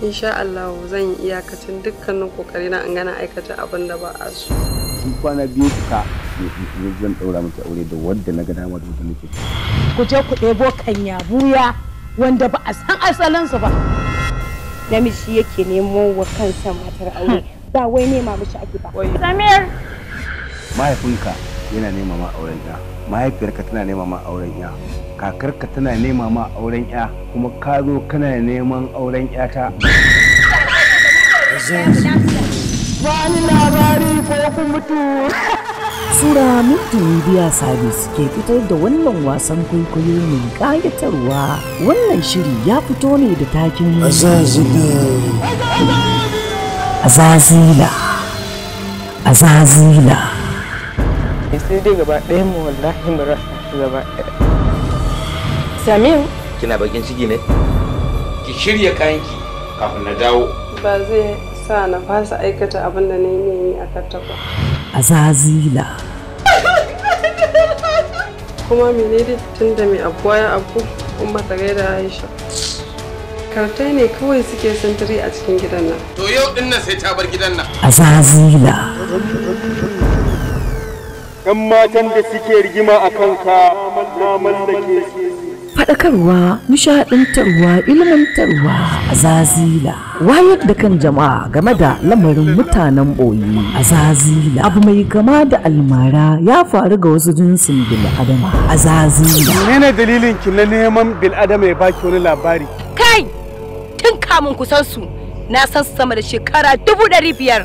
insha Allah zan yi iyakacin dukkanin kokari na an gana aikata abin da ba a su in kwana biyu ka zan daura mata aure da wanda na ga dama da wanda nake ku je ku ɗebo kanya buya wanda ba a san asalin sa ba namiji yake nemo wa kansa matar aure ba wai nema mishi ake ba samir mahaifinka yana nema ma auren ya mahaifiyarka tana nema ma auren ya kakarka tana nema ma auren ya kuma ka zo kana neman auren ya ta bani labari ko ku mutu Sura Minti Media Service ke fitar da wannan wasan kwaikwayo mai ƙayatarwa. Wannan shiri ya fito ne da takin Azazila. Azazila. Azazila. sai dai gaba ɗaya mu wallahi mu rasa shi gaba ɗaya samiu kina bakin ciki ne ki shirya kayanki kafin na dawo ba zai sa na fasa aikata abin da na yi a kattaba. azazila kuma menene tun da mai abuwa ya abu kuma ta gaida aisha kartai ne kawai suke sintiri a cikin gidan nan to yau din nan sai ta bar gidan nan azazila ‘yan matan da suke rigima a kanka na mallake su. Faɗakarwa, nishaɗantarwa, ilmantarwa, azazila. Wayar da kan jama'a game da lamarin mutanen ɓoyi, azazila. Abu mai gama da almara ya faru ga wasu jinsin bil'adama, azazila. Mene dalilin ki na neman bil'adama ya baki wani labari? Kai, tun kamun kusan na san sama da shekara dubu ɗari biyar.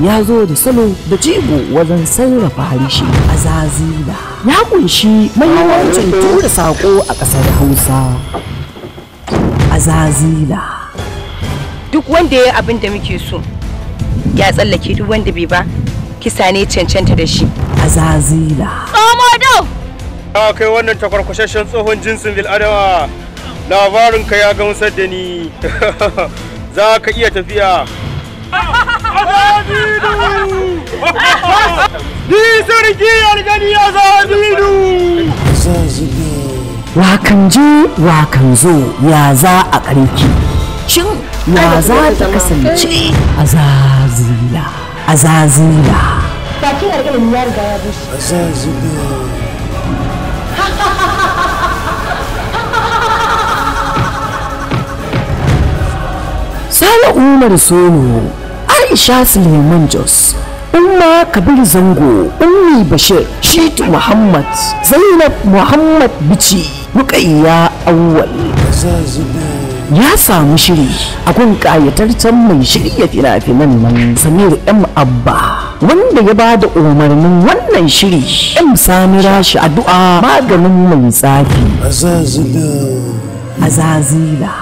ya zo da salo da jigo wajen sarrafa harshe a zazila ya kunshi mahimmancin tura saƙo a ƙasar hausa a zazila duk wanda ya abin da muke so ya tsallake duk wanda bai ba kisa ne cancanta da shi a zazila tsomodo ya kai wannan takwarkwashashen tsohon jinsin bil'adama labarinka ya gamsar da ni za ka iya tafiya ya Wakan je wakan ya za a ƙarfi, Shin za ta kasance a zazila. A zazila. ya riga ya bushe. A zazila. kala Umar Solo, Aisha Suleiman Jos, Umma Kabir Zango, Ummi Bashir, Shitu Muhammad, Zainab Muhammad Bici, Rukayya Awal. Ya samu shiri a kun ƙayatarcen mai shirya fina-finan nan Samir M. Abba wanda ya ba da umarnin wannan shiri M. sami Rashi addu'a maganin mai tsafi. Azazila. Azazila.